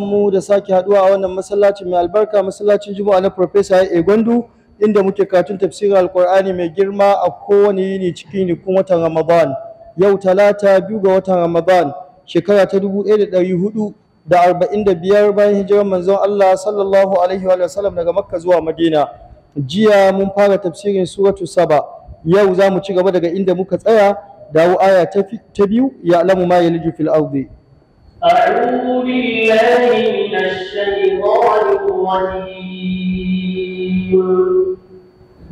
mu da sake haduwa a wannan masallacin mai albarka masallacin juma'a na professor A Gwandu inda muke karatun tafsirin alkur'ani mai girma a kowane yini cikin nikun watan Ramadan yau talata biyu ga watan Ramadan shekara ta biyar, bayan hijirar manzon Allah sallallahu alaihi wa sallam daga Makka zuwa Madina jiya mun fara tafsirin suratu saba yau za mu ci gaba daga inda muka tsaya dawo aya ta biyu ya alamu ma yaliju fil ardi أعوذ بالله من الشيطان الرجيم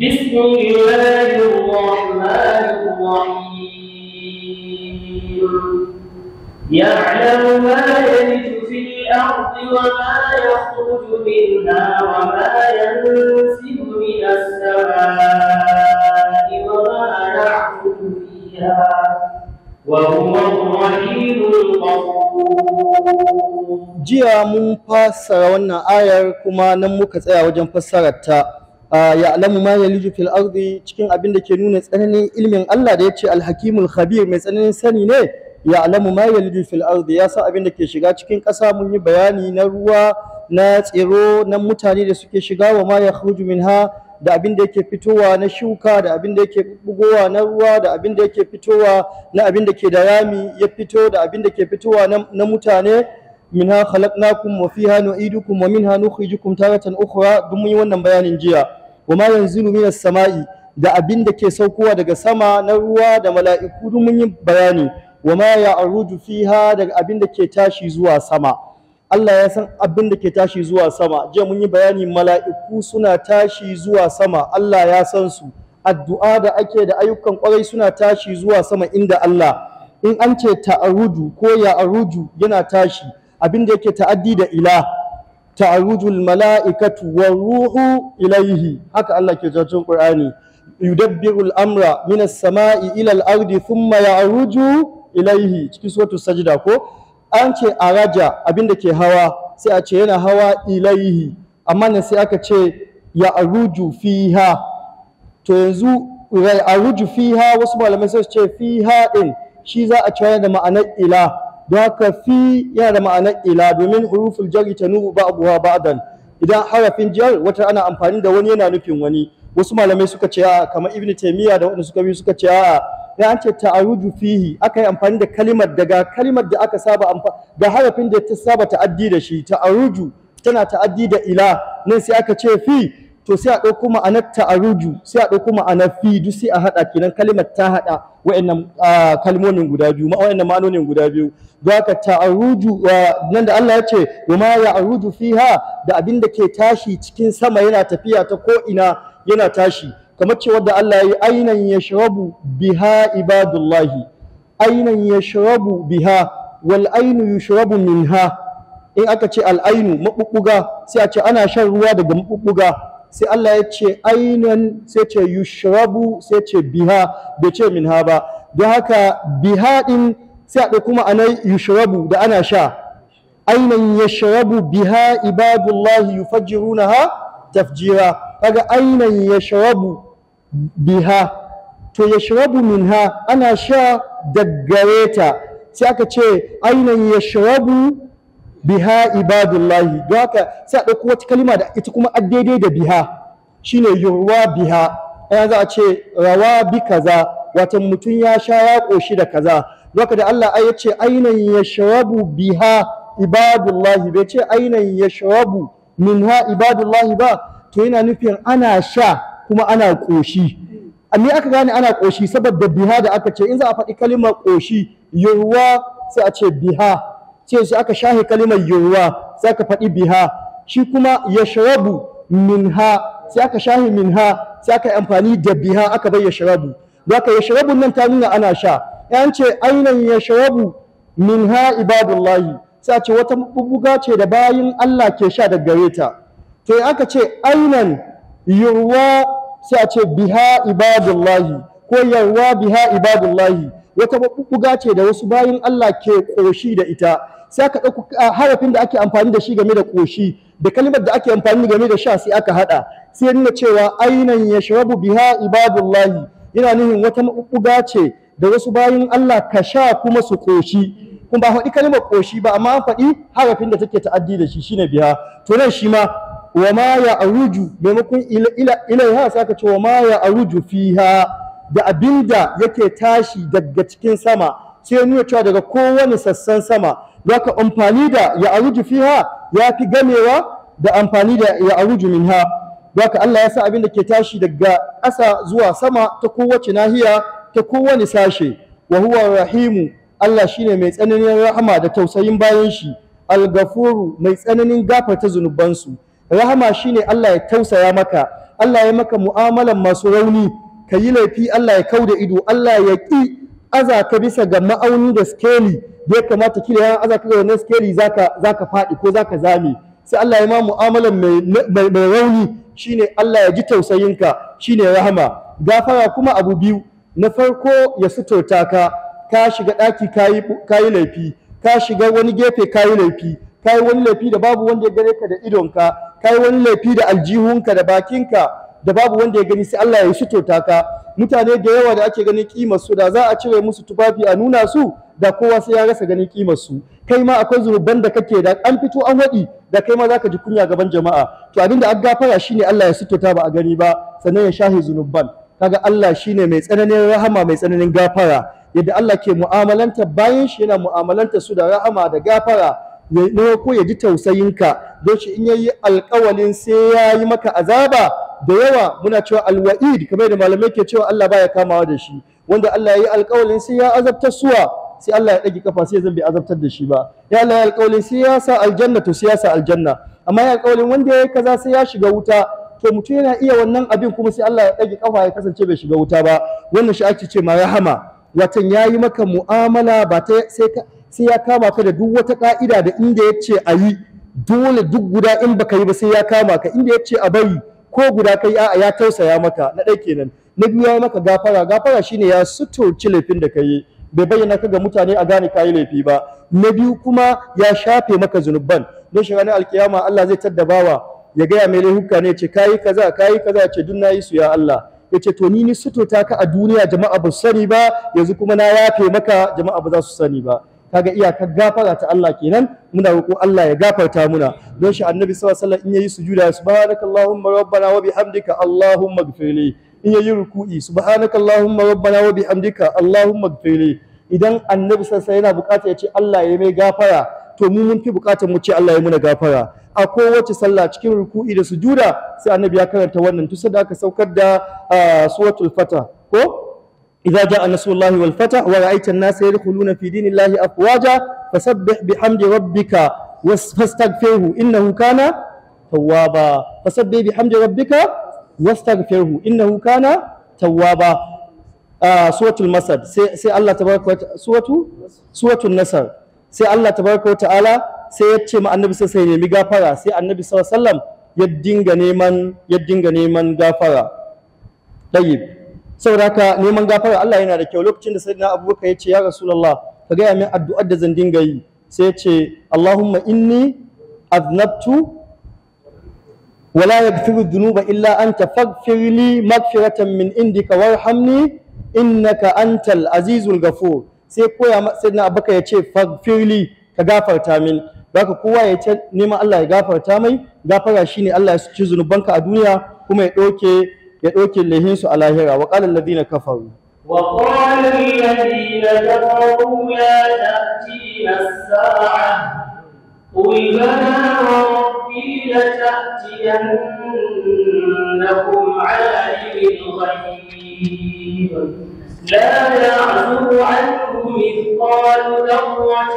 بسم الله الرحمن الرحيم يعلم ما يلج في الأرض وما يخرج منها وما ينزل من السماء وما يعبد فيها jiya mun fassara wannan ayar kuma nan muka tsaya wajen fassarar ta ya alamu ma fil ardi cikin abin da ke nuna tsananin ilmin Allah da yace al-hakimul khabir mai tsananin sani ne ya alamu ma fil ardi ya san abin da ke shiga cikin ƙasa mun yi bayani na ruwa na tsiro na mutane da suke shiga wa ma yakhruju minha da abin da yake fitowa na shuka da abin da yake bugowa na ruwa da abin da yake fitowa na abin da ke da rami ya fito da abin da ke fitowa na mutane ha khalaqnakum wa fiha nu'idukum wa minha nukhrijukum taratan ukhra duk mun yi wannan bayanin jiya wa ma yanzilu minas sama'i da abin da ke saukowa daga sama na ruwa da mala'iku duk mun yi bayani wa ma ya'ruju fiha da abin da ke tashi zuwa sama Allah ya san abin da ke tashi zuwa sama jiya mun yi bayani mala'iku suna tashi zuwa sama Allah ya san su addu'a da ake da ayyukan kwarai suna tashi zuwa sama inda Allah in an ce ta'arudu ko ya aruju yana tashi abin da yake ta'addi da ila ta'arujul mala'ikatu wa ruhu ilaihi haka Allah ke jajin Qur'ani yudabbirul amra minas sama'i ila al-ardi thumma yaruju ilaihi cikin suratul sajda ko an ce a raja da ke hawa sai a ce yana hawa ilaihi amma nan sai aka ce ya aruju fiha to yanzu ya aruju fiha wasu malamai sai ce fiha din shi za a cewa da ma'anar ila don haka fi yana da ma'anar ila domin huruful jari ta nuhu ba'abuwa ba'dan idan harafin jar wata ana amfani da wani yana nufin wani wasu malamai suka ce a kamar ibnu taymiya da wanda suka bi suka ce a ya an ce ta'aruju fihi aka yi amfani da kalimar daga kalimar da aka saba da harafin da ta saba ta'addi da shi ta'aruju tana ta'addi da ila nan sai aka ce fi to sai a ɗauko ma'anar ta'aruju sai a ɗauko ma'anar fi duk sai a haɗa kenan kalimar ta haɗa wa'annan kalmomin guda biyu wa'annan ma'anonin guda biyu don haka ta'aruju nan da Allah ya ce wa ma ya'aruju fiha da abin da ke tashi cikin sama yana tafiya ta ko ina yana tashi kamar ce da Allah ya ainan yashrabu biha ibadullahi ainan yashrabu biha wal ainu min ha? in aka ce al'ainu maɓuɓɓuga sai a ce ana shan ruwa daga maɓuɓɓuga sai Allah ya ce ainan sai ce shawabu sai ce biha bai ce min ha ba don haka biha ɗin sai a kuma yi shawabu da ana sha ainan yashrabu biha ibadullahi ha? tafjira kaga ainan shawabu. biha to yashrabu minha ana sha daggare ta sai aka ce ainan yashrabu biha ibadullahi don haka sai a ɗauko wata kalima da ita kuma a daidai da biha shine yurwa biha ana za a ce rawa bi kaza watan mutum ya sha ya ƙoshi da kaza don da Allah ai yace ainan yashrabu biha ibadullahi bai ce ainan yashrabu minha ibadullahi ba to yana nufin ana sha kuma ana ƙoshi amma aka gane ana ƙoshi saboda biha da aka ce in za a faɗi kalimar ƙoshi yurwa sai a ce biha ce sai aka shahe kalimar yurwa sai aka faɗi biha shi kuma yashrabu minha sai aka shahe minha sai aka yi amfani da biha aka bai yashrabu ya sharabu nan ta nuna ana sha yan ce ainan yashrabu minha ibadullahi sai a ce wata bubuga ce da bayin Allah ke sha da gare ta to aka ce ainan yurwa sai a ce biha ibadullahi ko biha ibadullahi wata buga ce da wasu bayin Allah ke ƙoshi da ita sai aka ɗauko harafin da ake amfani da shi game da koshi da kalimar da ake amfani game da sha sai aka haɗa sai nuna cewa ainan ya shrabu biha ibadullahi yana nuhin wata maɓuɓɓuga ce da wasu bayin Allah ka sha kuma su ƙoshi. kuma ba faɗi kalimar koshi ba amma faɗi harafin da take ta'addi da shi shine biha to nan shi ma wa ma ya aruju maimakon ilaiha sai ka ce wa ma ya aruju fiha da abinda yake tashi daga cikin sama sai nuna cewa daga kowane sassan sama ka amfani da ya aruju fiha ya fi gamewa da amfani da ya aruju minha ka Allah ya sa abin da ke tashi daga ƙasa zuwa sama ta kowace nahiya ta kowane sashe wa huwa rahimu Allah shine mai tsananin rahama da tausayin bayan shi algafuru mai tsananin gafarta zunubansu rahama shine Allah ya tausaya maka Allah ya maka mu'amalan masu rauni ka yi laifi Allah ya kau da ido Allah ya ki aza ka bisa ga ma'auni da skeli da ya kamata kila ya aza ka ga wannan skeli zaka zaka faɗi ko zaka zame sai Allah ya ma mu'amalan mai rauni shine Allah ya ji tausayinka shine rahama gafara kuma abu biyu na farko ya suturta ka ka shiga ɗaki kayi laifi ka shiga wani gefe kayi laifi kai wani laifi da babu wanda ya gare ka da idonka kai wani laifi da aljihunka da bakinka da babu wanda ya gani sai Allah ya shitota ka mutane da yawa da ake ganin kimar su da za a cire musu tufafi a nuna su da kowa sai ya rasa ganin kimar su kai ma akwai zunuban da kake da an fito an waɗi da kai ma zaka ji kunya gaban jama'a to abinda an gafara shine Allah ya ta ba a gani ba sannan ya shahi zunuban kaga Allah shine mai tsananin rahama mai tsananin gafara yadda Allah ke mu'amalanta bayan shi yana mu'amalanta su da rahama da gafara ya ko ya ji tausayinka don shi in yayi alƙawalin sai ya yi maka azaba da yawa muna cewa alwa'id kamar da malamai ke cewa Allah baya kamawa da shi wanda Allah ya yi alƙawalin sai ya azabtar suwa sai Allah ya ɗage kafa sai zan bai azabtar da shi ba ya Allah ya alƙawalin sai ya sa aljanna to sai ya sa aljanna amma ya alƙawalin wanda ya yi kaza sai ya shiga wuta to mutum yana iya wannan abin kuma sai Allah ya ɗage kafa ya kasance bai shiga wuta ba wannan shi ake ce ma hama. watan ya yi maka mu'amala ba ta sai sai ya kama ka da duk wata ka'ida da inda ya ce a yi dole duk guda in baka yi ba sai ya kama ka inda ya ce a bari ko guda kai a'a ya tausaya maka na ɗai kenan na biyu ya maka gafara gafara shine ya sutoci laifin da ka yi bai bayyana ka ga mutane a gane kayi laifi ba na biyu kuma ya shafe maka zunuban don shi ranar alkiyama Allah zai taddabawa ya gaya mai laifuka ne ce kayi kaza kayi kaza ce duk yi su ya Allah ya ce to ni ni ta ka a duniya jama'a ba su sani ba yanzu kuma na yafe maka jama'a ba za su sani ba kaga iyakar gafara ta Allah kenan muna roƙo Allah ya gafarta muna don shi annabi sallallahu alaihi wasallam in yayi sujuda subhanakallahumma rabbana wa bihamdika allahumma ighfirli in yayi ruku'i subhanakallahumma rabbana wa bihamdika allahumma ighfirli idan annabi sallallahu alaihi yana bukata ya ce Allah ya mai gafara to mu mun fi bukatar mu ce Allah ya muna gafara a kowace sallah cikin ruku'i da sujuda sai annabi ya karanta wannan tusa da aka saukar da ah, suratul fatah ko إذا جاء نصر الله والفتح ورأيت الناس يدخلون في دين الله أفواجا فسبح بحمد ربك فاستغفره إنه كان توابا فسبح بحمد ربك واستغفره إنه كان توابا آه سورة المسد سي, سي الله تبارك وتعالى سورة سورة النصر سي الله تبارك وتعالى سي يتشي مع النبي صلى الله عليه وسلم سي النبي صلى الله عليه وسلم يدين غنيمان يدين غنيمان غافرا طيب saboda haka neman gafara Allah yana da kyau lokacin da sayyidina abubakar ya ce ya rasulullah ka gaya min addu'ar da zan dinga yi sai ya ce allahumma inni aznabtu wala yaghfiru dhunuba illa anta faghfir li maghfiratan min indika warhamni innaka antal azizul ghafur sai koya sayyidina abubakar ya ce faghfir ka gafarta min ka kowa ya ce neman Allah ya gafarta mai gafara shine Allah ya ci zunubanka a duniya kuma ya ɗauke ya ɗauke lehinsu a lahira wa ƙalar ladina وقال الذين كفروا لا تأتينا الساعة قل بلى ربي لتأتينكم عالم الغيب لا يعزو عنه مثقال ذرة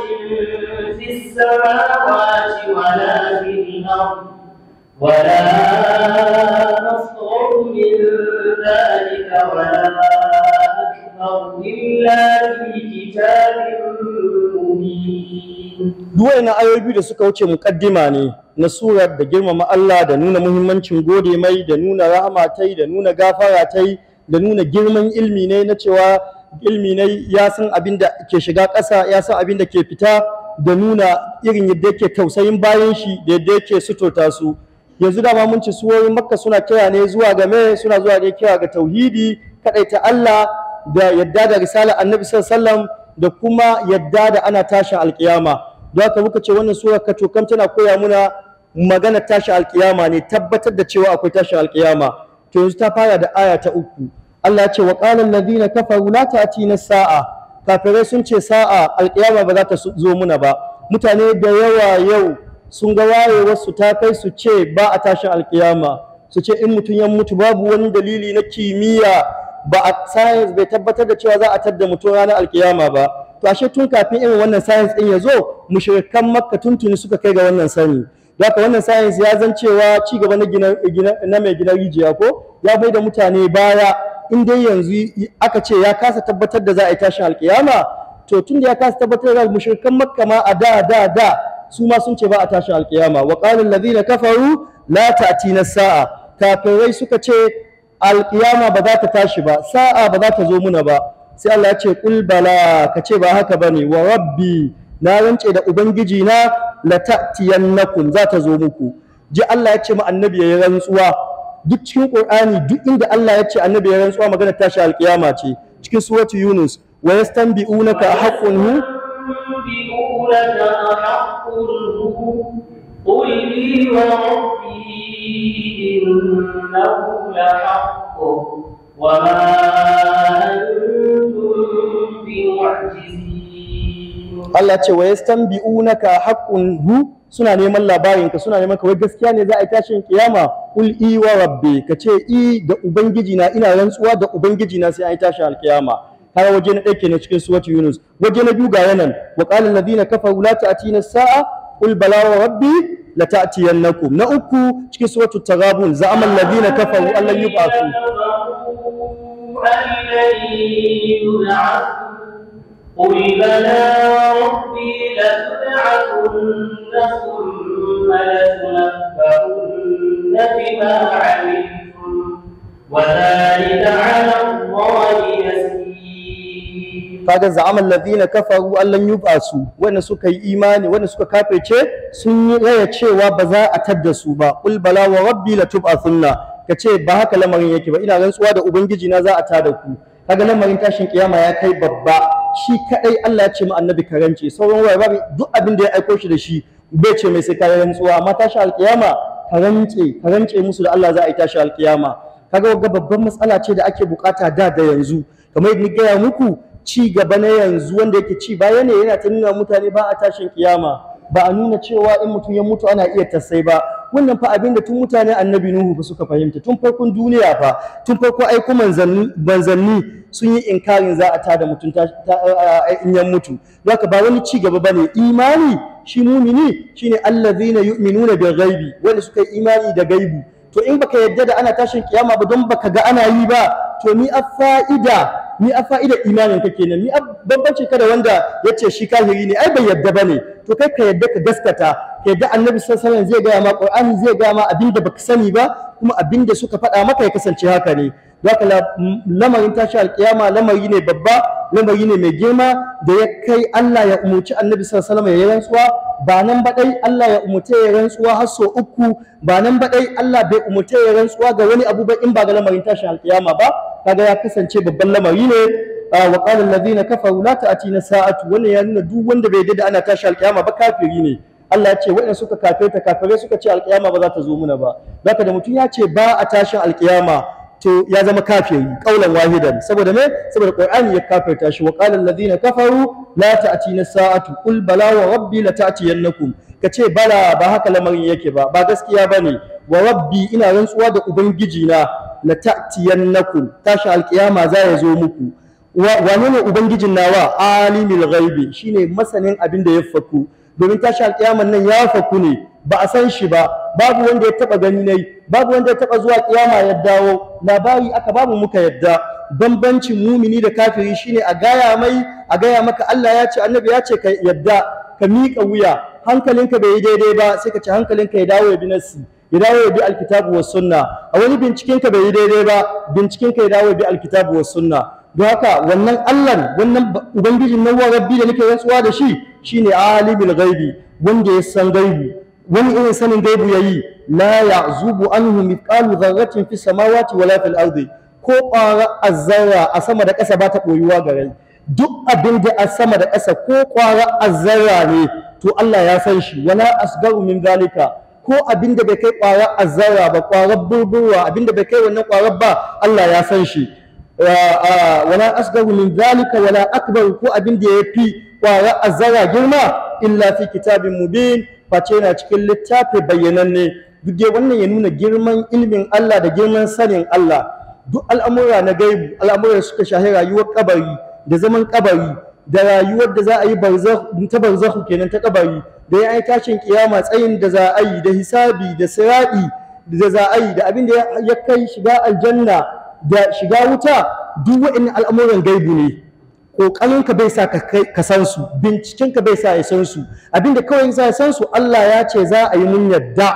في السماوات ولا في الأرض ولا ذلك ولا أكبر Duwaina da suka wuce muƙaddima ne na surar da girmama Allah da nuna muhimmancin gode mai da nuna rahama tai da nuna gafara da nuna girman ilmi ne na cewa ilmi ne ya san abin da ke shiga ƙasa ya san abin da ke fita da nuna irin yadda yake tausayin bayan shi da yadda yake sutota su yanzu dama mun ci suwoyin makka suna kira ne zuwa ga me suna zuwa ne kira ga tauhidi ta Allah da yadda da risala annabi sallallahu da kuma yadda da ana tashi alkiyama don haka muka ce wannan sura ka tokan tana koya muna magana tashi alkiyama ne tabbatar da cewa akwai tashin alkiyama to yanzu ta fara da aya ta uku Allah ya ce wa qala alladhina kafaru la ta'tina sa'a kafirai sun ce sa'a alkiyama ba za ta zo muna ba mutane da yawa yau sun ga wayewarsu ta kai su ce ba a tashin alkiyama su ce in mutum ya mutu babu wani dalili na kimiyya ba a science bai tabbatar da cewa za a tadda mutum ranar alkiyama ba to ashe tun kafin irin wannan science din ya zo mushrikan makka tuntuni suka kai ga wannan sani haka wannan science ya zan cewa ci gaba na na mai gina rijiya ko ya bai da mutane baya in dai yanzu aka ce ya kasa tabbatar da za a yi tashin alkiyama to tun da ya kasa tabbatar da mushrikan makka ma a da da da su ma sun ce ba a tashin alkiyama wa qala allazina kafaru la na sa'a kafirai suka ce alkiyama ba za ta tashi ba sa'a ba za ta zo muna ba sai Allah ya ce qul bala ka ce ba haka bane wa rabbi na rance da ubangiji na la ta'tiyannakum za ta zo muku ji Allah ya ce mu annabi yayin rantsuwa duk cikin Qur'ani duk inda Allah ya ce annabi ya rantsuwa magana tashi alkiyama ce cikin suratu Yunus wa yastanbi'unaka haqqun hu allah أحق هو قل لي وربي إنه لحق وما أنتم بمعجزين الله ce wa yastanbi'unaka haqqun hu suna neman labarinka suna neman kawai gaskiya ne za a yi tashin kiyama kul i wa rabbi ka ce i da ubangiji na ina rantsuwa da ubangiji na sai an tashin alkiyama kaga waje na dake ne cikin suratu yunus waje na duga yana wa qala alladhina kafaru la ta'tina as sa'a qul bala wa rabbi la ta'tiyannakum na uku cikin suratu taghabun za'ama alladhina kafaru allan lan yub'athu قل بلى وربي لتبعثن ثم لتنبؤن بما عملتم ولا kaga za'amal ladina kafaru allan yubasu wanda suka yi imani wanda suka kafirce sun yi raya cewa ba za a tadda su ba qul bala wa rabbi ka kace ba haka lamarin yake ba ina rantsuwa da ubangiji na za a tada ku kaga lamarin tashin kiyama ya kai babba shi kadai Allah ya ce mu annabi karanci sauran waye babu duk abin da ya aiko shi da shi bai ce mai sai ka rantsuwa amma tashin alkiyama karance karance musu da Allah za a yi tashin alkiyama kaga babban matsala ce da ake bukata da da yanzu kamar yadda gaya muku ci gaba na yanzu wanda yake ci baya ne yana ta nuna mutane ba a tashin kiyama ba a nuna cewa in mutum ya mutu ana iya tasai ba wannan fa abin da tun mutane annabi nuhu ba suka fahimta tun farkon duniya fa tun farko aiko manzanni sun yi inkarin za a ta da mutum in ya mutu haka ba wani ci gaba bane imani shi mumini shine allazina yu'minuna bil ghaibi wanda suka yi imani da gaibi to in baka yadda da ana tashin kiyama ba don baka ga ana yi ba to ni a fa'ida ni a fa'ida imanin ka kenan ni a ka da wanda ya ce shi kafiri ne ai bai yadda ba ne to kai ka yadda ka gaskata ka yadda annabi sallallahu zai gaya ma qur'ani zai gaya ma da baka sani ba kuma abinda suka faɗa maka ya kasance haka ne zaka lamarin tashi alkiyama lamari ne babba lamari ne mai girma da ya kai Allah ya umuci annabi sallallahu alaihi wasallam ya rantsuwa ba nan ba dai Allah ya umute ya rantsuwa har so uku ba nan ba dai Allah bai umute ya rantsuwa ga wani abu in ba ga lamarin tashi alkiyama ba kaga ya kasance babban lamari ne wa qala alladhina kafaru la ta'tina sa'atu wannan ya nuna duk wanda bai da ana tashi alkiyama ba kafiri ne Allah ya ce waɗanda suka kafe ta kafare suka ce alkiyama ba za ta zo muna ba zaka da mutum ya ce ba a tashin alkiyama to ya zama kafiri kaulan wahidan saboda me saboda qur'ani ya kafirta shi wa qala alladhina kafaru la na sa'atu qul bala wa rabbi la ta'tiyannakum kace bala ba haka lamarin yake ba ba gaskiya bane wa rabbi ina rantsuwa da ubangiji na la ta'tiyannakum tashi alqiyama za ya zo muku wane ne ubangijin nawa alimul ghaibi shine masanin abin da ya faku domin tashi alqiyaman nan ya faku ne ba a san shi ba babu wanda ya taba gani nayi babu wanda ya taba zuwa kiyama ya dawo labari aka babu muka yadda bambancin mumini da kafiri shine a gaya mai a gaya maka Allah ya ce annabi ya ce ka yadda ka miƙa wuya hankalinka bai yi daidai ba sai ka ci hankalinka ya dawo ya bi nasi, ya dawo ya bi alkitabu was sunna a wani bincikenka bai yi daidai ba bincikenka ya dawo ya bi alkitabu was sunna don haka wannan Allah wannan ubangijin nan rabbi da nake rantsuwa da shi shine alimul ghaibi wanda ya san gaibi wani irin sanin gaibu yayi la ya'zubu anhu mithqalu dharratin fi samawati wala fil ardi ko ƙwara azzara a sama da ƙasa ba ta ɓoyuwa ga rai duk abin da a sama da ƙasa ko ƙwara azzara ne to Allah ya san shi wala asgaru min zalika ko abin da bai kai ƙwara azzara ba ƙwarar burburwa abin da bai kai wannan ƙwarar ba Allah ya san shi wala asgaru min zalika wala akbar ko abin da ya fi ƙwarar azzara girma illa fi kitabin mubin face yana cikin littafi bayyananne duk dai wannan ya nuna girman ilimin Allah da girman sanin Allah duk al'amura na gaibu al'amura suka shahi rayuwar kabari da zaman kabari da rayuwar da za a yi ta barzahu kenan ta kabari da ya yi tashin kiyama tsayin da za a yi da hisabi da siraɗi da za a yi da abin da ya kai shiga aljanna da shiga wuta duk wa'in al'amuran gaibu ne ƙoƙarinka bai sa ka san su bincikenka bai sa ya san su abinda kawai sa ya san su Allah ya ce za a yi mun yadda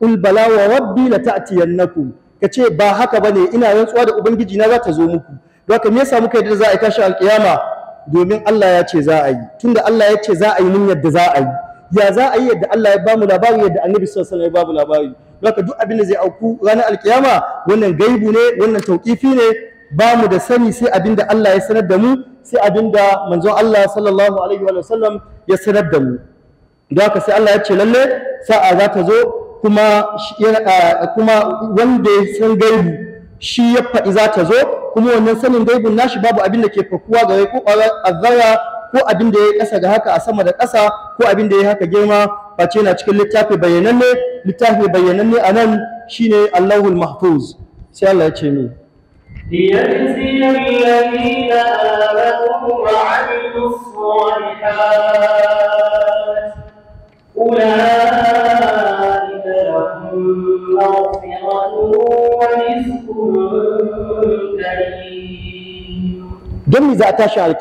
ul bala wa rabbi la ta'tiyannakum kace ba haka bane ina rantsuwa da ubangiji na za ta zo muku haka me yasa muka yadda za a yi tashi alƙiyama domin Allah ya ce za a yi tunda Allah ya ce za a yi mun yadda za a yi ya za a yi yadda Allah ya bamu labari yadda Annabi sallallahu alaihi wasallam ya bamu labari haka duk abin da zai auku ranar alkiyama wannan gaibu ne wannan tauqifi ne ba mu da sani sai abinda Allah ya sanar da mu sai abinda manzon Allah sallallahu alaihi wa sallam ya sanar da mu don haka sai Allah ya ce lalle sa'a za ta zo kuma kuma wanda ya san gaibu shi ya faɗi za ta zo kuma wannan sanin gaibun nashi babu abin da ke fakuwa ga rai ko azzara ko abin da ya yi ga haka a sama da kasa ko abin da ya haka girma face na cikin littafi bayyananne littafi bayyananne a nan shine Allahul Mahfuz sai Allah ya ce mini ليجزي الذين آمنوا وعملوا الصالحات أولئك لهم مغفرة ورزق كريم don za a tashi shi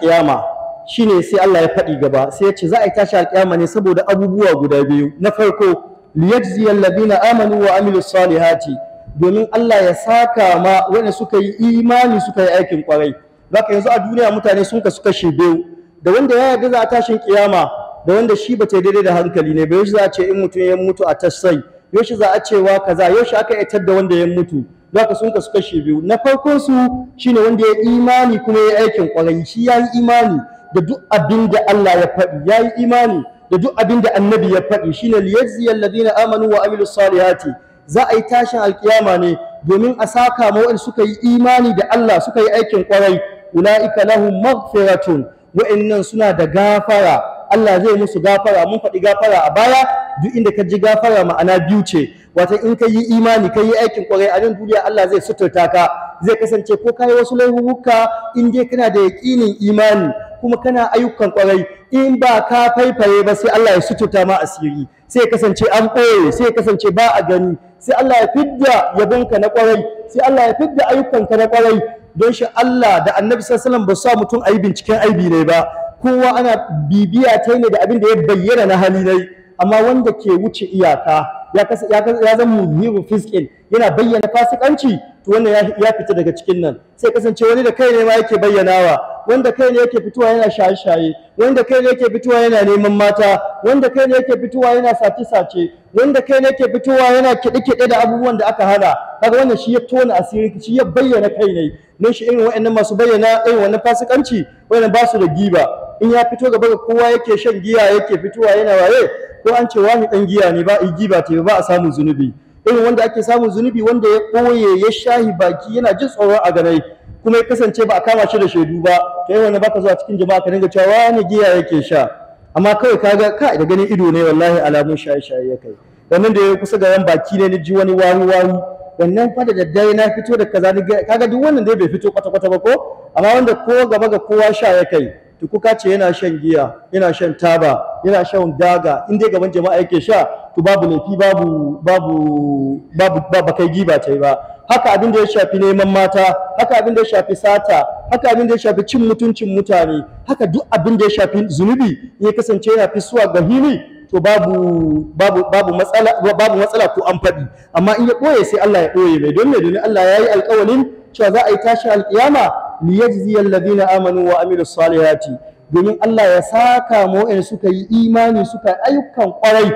shine sai Allah ya faɗi gaba sai ya ce za a tashi alƙiyama ne saboda abubuwa guda biyu na farko liyajziyal ladina amanu wa amilus salihati domin Allah ya saka ma wanda suka yi imani suka yi aikin kwarai Za ka yanzu a duniya mutane sun ka suka biyu da wanda ya yarda za a tashin kiyama da wanda shi ba ta daidai da hankali ne ba shi za a ce in mutum ya mutu a tasai yaushe za a cewa kaza yaushe aka yatar da wanda ya mutu Za ka sun ka suka biyu na farkon su shine wanda ya yi imani kuma ya aikin kwarai shi ya yi imani da duk abin da Allah ya faɗi ya yi imani da duk abin da annabi ya faɗi shine liyajziyal ladina amanu wa amilus salihati za a yi tashin alkiyama ne domin a saka ma waɗanda suka yi imani da Allah suka yi aikin ƙwarai ula'ika lahum maghfiratun wa'annan suna da gafara Allah zai musu gafara mun faɗi gafara a baya duk inda ka ji gafara ma'ana biyu ce wata in ka yi imani ka yi aikin ƙwarai a nan duniya Allah zai suturta ka zai kasance ko ka yi wasu laifuka in dai kana da yaƙinin imani kuma kana ayyukan kwarai in ba ka faifaye ba sai Allah ya sututa ma asiri sai ya kasance an koye sai ya kasance ba a gani sai Allah ya fidda yabonka na kwarai sai Allah ya fidda ka na kwarai don shi Allah da annabi sallallahu alaihi wasallam ba sa mutum ayi binciken aibi ne ba kowa ana bibiya ta ne da abin da ya bayyana na hali ne amma wanda ke wuce iyaka ya ya zama muhiru fiskin yana bayyana fasikanci to wannan ya fita daga cikin nan sai kasance wani da kai ne ma yake bayyanawa wanda kai ne yake fitowa yana shaye-shaye wanda kai ne yake fitowa yana neman mata wanda kai ne yake fitowa yana sace-sace wanda kai ne yake fitowa yana kiɗe-kiɗe da abubuwan da aka hana kaga wannan shi ya tona asiri shi ya bayyana kai ne ne shi irin waɗannan masu bayyana irin wannan fasikanci wannan ba su da giba in ya fito gaba ga kowa yake shan giya yake fitowa yana waye ko an ce wani dan giya ne ba giba ce ba a samun zunubi irin wanda ake samun zunubi wanda ya ɓoye ya shahi baki yana jin tsoron a ganai kuma ya kasance ba a kama shi da shaidu ba to yi wani baka zuwa cikin jama'a ka dinga cewa wani giya yake sha amma kawai kaga ka da ganin ido ne wallahi alamun shaye shaye ya kai wannan da ya kusa ga 'yan baki ne ni ji wani wani wani wannan fa da daddare na fito da kaza ni kaga duk wannan dai bai fito kwata kwata ba ko amma wanda ko gaba ga kowa sha ya kai to kuka ce yana shan giya yana shan taba yana shan daga inda gaban jama'a yake sha to babu laifi babu babu babu ba kai giba ta yi ba haka abin da ya shafi neman mata haka abin da ya shafi sata haka abin da ya shafi cin mutuncin mutane haka duk abin da ya shafi zunubi ya kasance yana fi suwa ga hili to babu babu babu matsala babu matsala ko an faɗi amma in ya ɓoye sai Allah ya ɓoye mai don me don Allah ya yi alƙawalin cewa za a yi tashin alkiyama liyajziyal ladina amanu wa amilus salihati domin Allah ya saka mu wa'anda suka yi imani suka yi ayyukan kwarai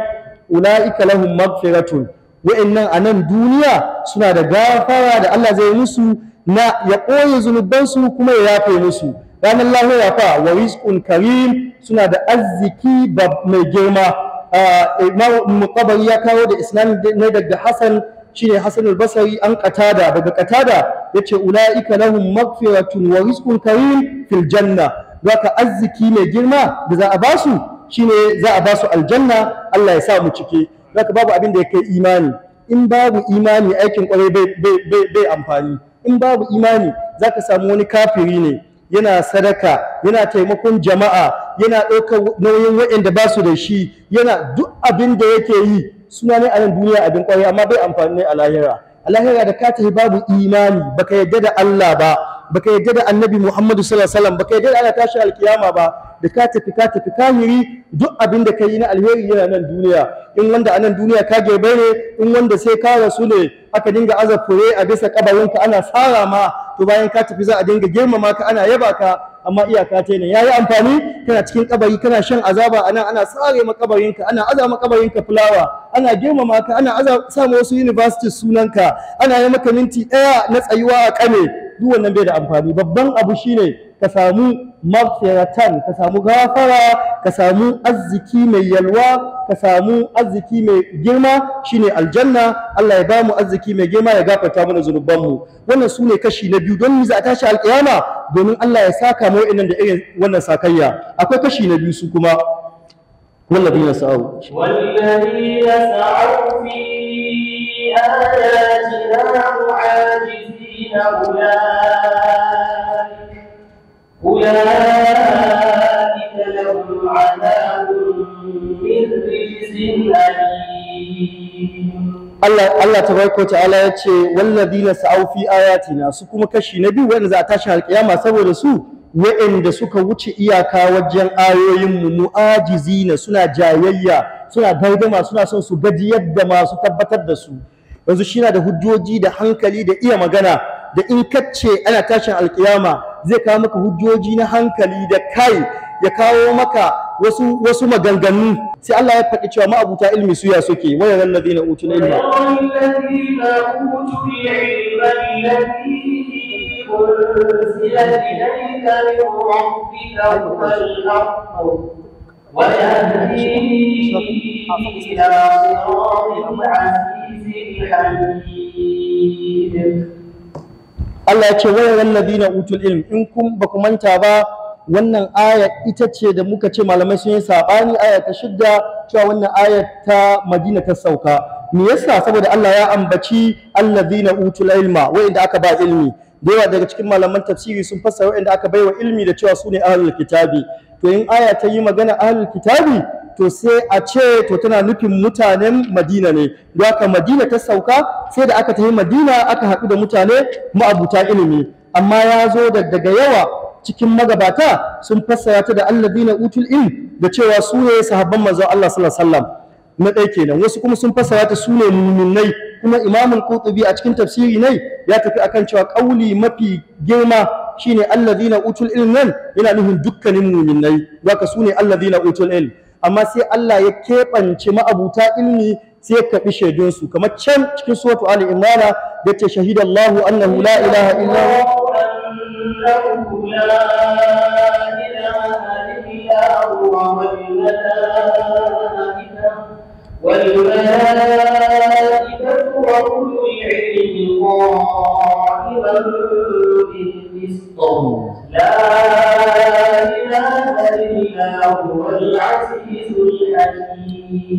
ulaika lahum maghfiratun wa'annan a nan duniya suna da gafara da Allah zai musu na ya koye zunubansu kuma ya yafe musu ranar lahira fa wa rizqun karim suna da arziki mai girma ah, Imam ya kawo da Islam ne daga Hassan shine Hassan al-Basri an katada daga katada yace ulaika lahum maghfiratun wa rizqun karim fil janna zaka arziki mai girma da za a basu shine za a basu aljanna Allah ya sa mu cike zaka babu abin da yake imani in babu imani aikin kwarai bai amfani in babu imani zaka samu wani kafiri ne yana sadaka yana taimakon jama'a yana ɗaukar nauyin waɗanda ba su da shi yana duk abin da yake yi suna ne a nan duniya abin kwari amma bai amfani ne a lahira a lahira da ka tafi babu imani baka yadda da Allah ba baka yadda da annabi Muhammadu sallallahu baka yadda da ana tashi alkiyama ba da ka tafi ka tafi kahiri duk abin da kai na alheri yana nan duniya in wanda anan duniya ka gebe ne in wanda sai ka rasu ne aka dinga aza a bisa kabarinka ana tsara ma to bayan ka tafi za a dinga girmama ka ana yaba ka amma iyaka ta ne yayi amfani kana cikin kabari kana shan azaba anan ana tsare ma kabarinka ana aza ma kabarinka fulawa ana girmama ka ana aza sa wasu university sunanka ana yi maka minti daya na tsayuwa a kame duk wannan bai da amfani babban abu shine ka samu mafiratan ka samu gafara ka samu arziki mai yalwa ka samu arziki mai girma shine aljanna Allah ya bamu arziki mai girma ya gafarta mana zunubanmu wannan sune kashi na biyu don za a tashi alkiyama domin Allah ya saka mu inan da irin wannan sakayya akwai kashi na biyu su kuma والذين سعوا والذين سعوا في آياتنا معاجزين المشركين أولئك أولئك لهم عذاب من رجز أليم Allah Allah ta'ala ya ce walladina sa'aufi ayati na su kuma kashi na biyu wanda za a tashi alƙiyama saboda su wa'anda suka wuce iyaka wajen ayoyin mu mu'ajizina suna jayayya suna gaidama suna son su gaji yadda masu tabbatar da su yanzu shi na da hujjoji da hankali da iya magana da in kacce ana tashin alkiyama zai kawo maka hujjoji na hankali da kai ya kawo maka wasu maganganu sai Allah ya faɗi cewa ma'abuta ilmi suya suke wa yaran ladina utul ilma أنزل ويهديه إلى صراط العزيز Allah ya ce wai na utul ilm in kun ba ku manta ba wannan aya ita ce da muka ce malamai sun yi sabani aya ta shidda cewa wannan aya ta Madina ta sauka me yasa saboda Allah ya ambaci allazina utul ilma wanda aka ba ilmi da yawa daga cikin malaman tafsiri sun fassara wanda aka baiwa ilmi da cewa sune ahlul kitabi to in aya ta yi magana ahlul kitabi to sai a ce to tana nufin mutanen Madina ne haka Madina ta sauka sai da aka tafi Madina aka haɗu da mutane ma'abuta ilimi amma ya zo daga yawa cikin magabata sun fassara ta da alladina utul ilm da cewa su ne sahabban manzon Allah sallallahu alaihi wasallam na ɗaya kenan wasu kuma sun fassara ta su ne mu'minai kuma imamul qurtubi a cikin tafsiri ne ya tafi akan cewa kauli mafi girma shine alladina utul ilm nan yana nufin dukkanin mu'minai haka su ne utul ilm amma sai Allah ya keɓance ma'abuta ilmi sai ya kaɓi shaidunsu kamar can cikin suratu ali imrana da ce shahidallahu annahu la ilaha illa والملائكة وأولو العلم قائما بالقسط لا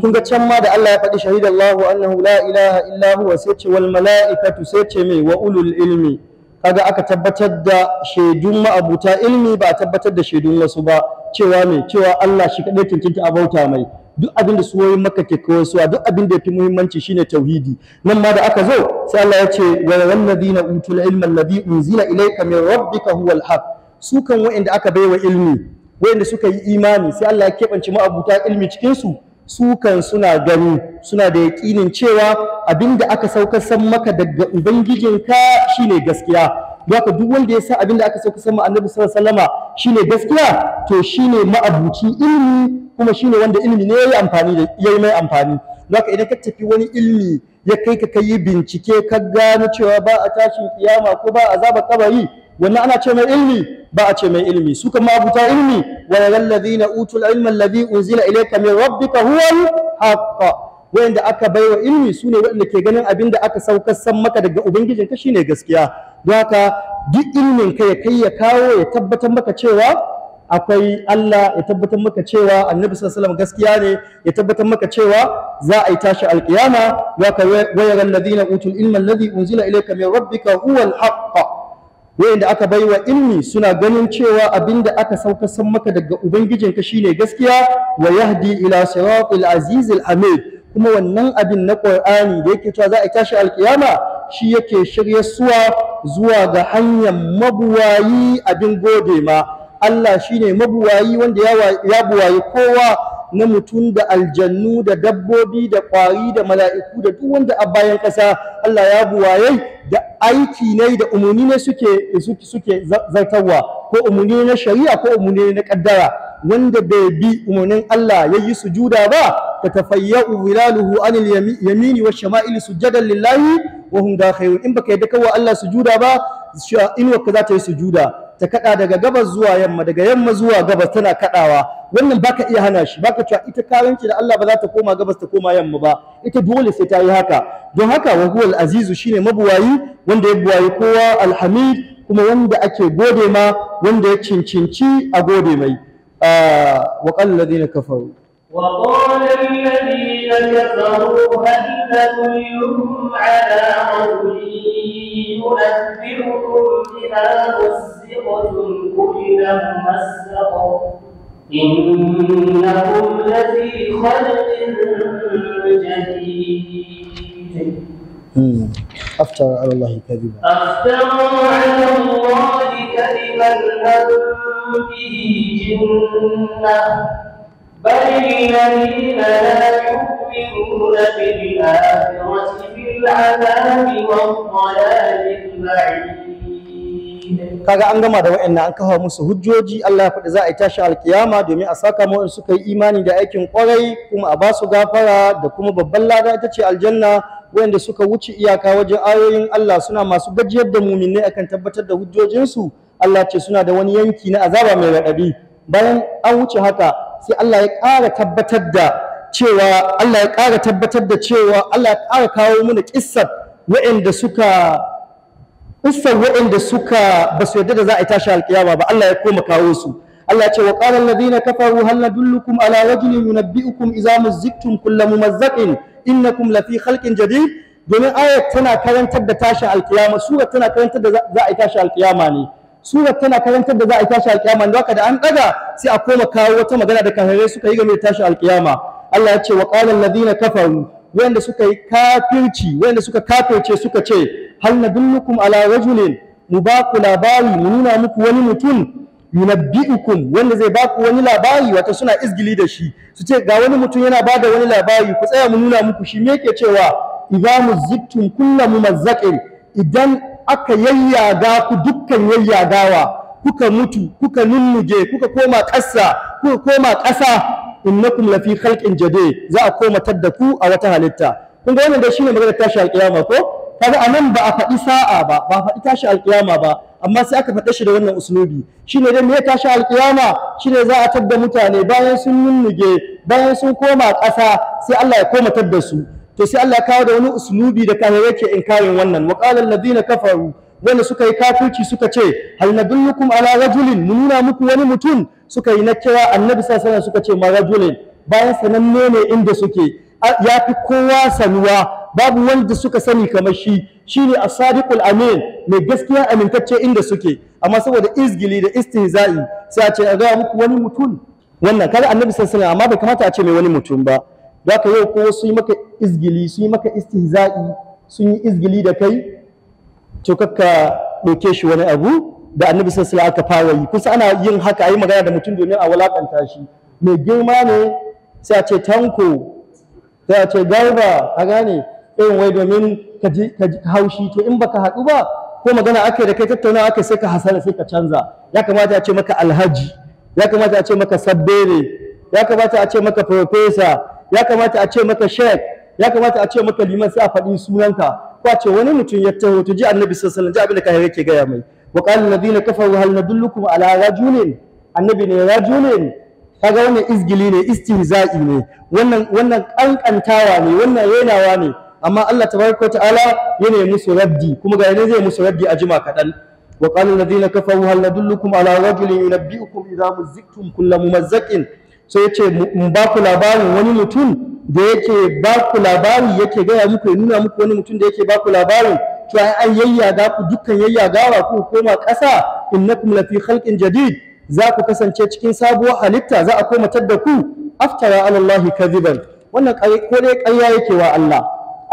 kun ga can ma da Allah ya faɗi wa annahu la ilaha illa huwa sai ce wal mala'ikatu sai ce mai wa ulul ilmi kaga aka tabbatar da shaidun ma'abuta ilmi ba a tabbatar da shaidun wasu ba cewa mai cewa Allah shi kaɗai tuntunta a bauta mai duk abin da suwoyin maka ke kawai suwa duk abin da fi muhimmanci shine tauhidi nan ma da aka zo sai Allah ya ce wa walladina utul ilma alladhi unzila ilayka min rabbika huwal alhaq su kan wa'anda aka baiwa ilmi wa'anda suka yi imani sai Allah ya kebance ma'abuta ilmi cikin su su kan suna gani suna da yaƙinin cewa abin da aka saukar san maka daga ubangijinka shine gaskiya haka duk wanda ya sa abinda aka sauka sama annabi sallallahu alaihi wasallama shine gaskiya to shine ma'abuci ilmi? kuma shine wanda ilmi ne yayi amfani da yayi mai amfani haka idan ka tafi wani ilimi ya kai ka kai bincike ka gano cewa ba a tashin kiyama ko ba a zaba kabari wannan ana ce mai ilmi? ba a ce mai ilimi su kan ilmi? ilimi wa na utul ilma alladhi unzila ilayka min rabbika huwal haqq wayanda aka baiwa ilmi sune waɗanda ke ganin abin da aka saukar san maka daga ubangijin ka shine gaskiya don haka duk ilmin ka ya kai ya kawo ya tabbatar maka cewa akwai Allah ya tabbatar maka cewa Annabi sallallahu alaihi gaskiya ne ya tabbatar maka cewa za a yi tashi alkiyama wa ka wayaran ladina utul ilma alladhi unzila ilayka min rabbika huwa alhaq wayanda aka baiwa ilmi suna ganin cewa abinda aka sauka san maka daga ubangijinka shine gaskiya wa yahdi ila siratil azizil hamid kuma wannan abin na ƙwar'ani da yake cewa za a tashi alƙiyama, shi yake shirya suwa zuwa ga hanyar mabuwayi abin gode ma Allah shi ne mabuwayi wanda ya buwayi kowa na mutum da aljannu da dabbobi da ƙwari da mala'iku da duk wanda a bayan ƙasa Allah ya buwaye da aiki ne da umuni ne suke suke zartarwa ko umuni na shari'a ko umuni na ƙaddara. wanda bai bi umarnin Allah ya yi sujuda ba tatafayya'u wilaluhu anil yamini wa shama'il sujadan lillahi wa hum dakhilun in baka yadda kawa Allah sujuda ba inuwarka za ta yi sujuda ta kada daga gabas zuwa yamma daga yamma zuwa gabas tana kadawa wannan baka iya hana shi baka cewa ita karanci da Allah ba za ta koma gabas ta koma yamma ba ita dole sai ta yi haka don haka wa huwal azizu shine mabuwayi wanda ya buwayi kowa alhamid kuma wanda ake gode ma wanda ya cincinci a gode mai ah, wa qallal kafaru وقال الذين كفروا هل ندلكم على رجل ينبئكم بها مزقتم كل ممزق إنكم لفي خلق جديد أفترى على الله كذبا أفترى على الله كذبا أم به جنة بل الذين لا يؤمنون بالآخرة والضلال البعيد kaga an gama da wa'annan an kafa musu hujjoji Allah ya faɗi za a yi tashi alkiyama domin a saka mu suka yi imani da aikin kwarai kuma a ba su gafara da kuma babban lada ita ce aljanna wanda suka wuce iyaka wajen ayoyin Allah suna masu gajiyar da muminai akan tabbatar da hujjojinsu Allah ce suna da wani yanki na azaba mai raɗaɗi bayan an wuce haka sai Allah ya ƙara tabbatar da cewa Allah ya ƙara tabbatar da cewa Allah ya ƙara kawo mana ƙissar waɗanda suka kissar waɗanda suka ba su yarda da za a yi tashi alƙiyama ba Allah ya koma kawo su Allah ya ce wa qala alladhina kafaru hal nadullukum ala rajulin yunabbi'ukum idza muzziktum kullu mumazzaqin innakum lafi khalqin jadid domin ayat tana karantar da tashi alƙiyama sura tana karantar da za a yi tashi alƙiyama ne surar tana karantar da za a tashi alƙiyama da haka da an ɗaga sai a koma kawo wata magana da kafirai suka yi game da tashi alƙiyama Allah ya ce wa qala alladhina kafaru wanda suka yi kafirci wanda suka kafirce suka ce hal nadullukum ala rajulin mu ba ku labari mu nuna muku wani mutum yunabbi'ukum wanda zai ba ku wani labari wata suna izgili da shi su ce ga wani mutum yana ba da wani labari ku tsaya mu nuna muku shi me yake cewa idza muzittum kullu mumazzaqin idan aka yayyaga ku dukkan yayyagawa kuka mutu kuka nunnuge kuka koma ƙasa kuka koma ƙasa innakum fi khalqin jade za a koma tadda ku a wata halitta kun ga wannan dai shine magana tashi alƙiyama ko kaga anan ba a faɗi sa'a ba ba a faɗi tashi alƙiyama ba amma sai aka faɗa shi da wannan usulubi shine dai me ya tashi alƙiyama shine za a tadda mutane bayan sun nunnuge bayan sun koma ƙasa sai Allah ya koma tadda su to sai Allah kawo da wani uslubi da kare yake inkarin wannan wa qala alladhina kafaru wanda suka yi kafirci suka ce hal nadullukum ala rajulin mun nuna muku wani mutum suka yi na kira annabi sallallahu alaihi suka ce ma rajulin bayan sananne ne inda suke ya fi kowa sanuwa babu wanda suka sani kamar shi shine as-sadiqul amin mai gaskiya amintacce inda suke amma saboda izgili da istihza'i sai a ce a ga muku wani mutum wannan kada annabi sallallahu alaihi amma bai kamata a ce mai wani mutum ba don ka yau ko su yi maka izgili su yi maka istihza'i sun yi izgili da kai to kakka ɗauke shi wani abu da annabi sallallahu alaihi aka fara yi kusa ana yin haka ayi magana da mutum domin a walakanta shi mai girma ne sai a ce tanko sai a ce garba a gane irin wai domin ka ji haushi to in baka haɗu ba ko magana ake da kai tattauna ake sai ka hasala sai ka canza ya kamata a ce maka alhaji ya kamata a ce maka sabbere ya kamata a ce maka profesa ya kamata a ce maka sheikh ya kamata a ce maka liman sai a faɗi sunanka ko a ce wani mutum ya taho to ji annabi sallallahu alaihi wasallam ji abin da kai yake gaya mai wa qala alladhina kafaru hal nadullukum ala rajulin annabi ne rajulin kaga wannan izgili ne istihza'i ne wannan wannan kankantawa ne wannan renawa ne amma Allah tabaraka ta'ala yana musu raddi kuma ga yana zai musu raddi a jima kadan wa qala alladhina kafaru hal nadullukum ala rajulin yunabbi'ukum idza muzziqtum kullu mumazzaqin sai yace mu ba ku labarin wani mutum da yake ba ku labari yake gaya muku ya nuna muku wani mutum da yake ba ku labarin ai an yayyaga ku dukkan yayyagawa ku koma ƙasa innakum lafi khalqin jadid za ku kasance cikin sabuwar halitta za a koma tadda ku aftara ala Allah kadiban wannan ko dai ƙarya yake wa Allah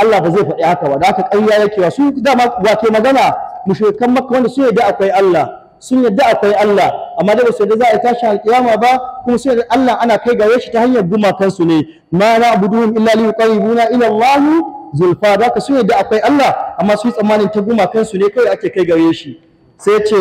Allah ba zai faɗi haka ba da haka ƙarya yake wa su dama wato magana mushrikan makka wanda su yadda akwai Allah sun yadda akwai Allah amma da basu yadda za a tashi alƙiyama ba kuma sun yadda Allah ana kai gare shi ta hanyar gumakansu ne ma na abuduhum illa li yuqarribuna ila Allah zulfa Ba ka sun yadda akwai Allah amma su yi tsammanin ta gumakan su ne kai ake kai gare shi sai ce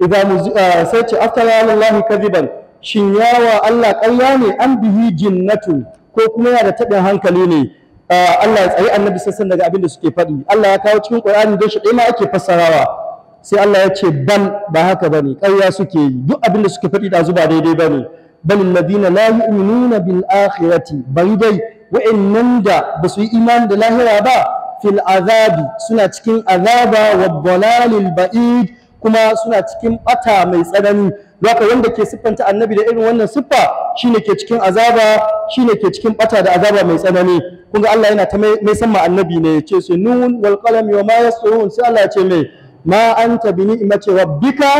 idan ah, sai ce aftara kadiban shin yawa Allah ƙarya ne an bihi jinnatu ko kuma yana da taɓin hankali ne ah, Allah ya tsaye annabi sassan daga abin suke faɗi Allah ya kawo cikin Qur'ani don shi ma ake fassarawa sai Allah ya ce bal ba haka bane ƙarya suke yi duk abin da suka faɗi da zuba daidai bane bal alladhina la yu'minuna bil akhirati bari dai wa'annan da ba su yi imani da lahira ba fil azabi suna cikin azaba wa dalalil ba'id kuma suna cikin bata mai tsanani haka wanda ke siffanta annabi da irin wannan siffa shine ke cikin azaba shine ke cikin bata da azaba mai tsanani kun ga Allah yana ta mai sama annabi ne ya ce sunun nun wal qalam wa ma sai Allah ya ce mai ma anta bi ni'mati rabbika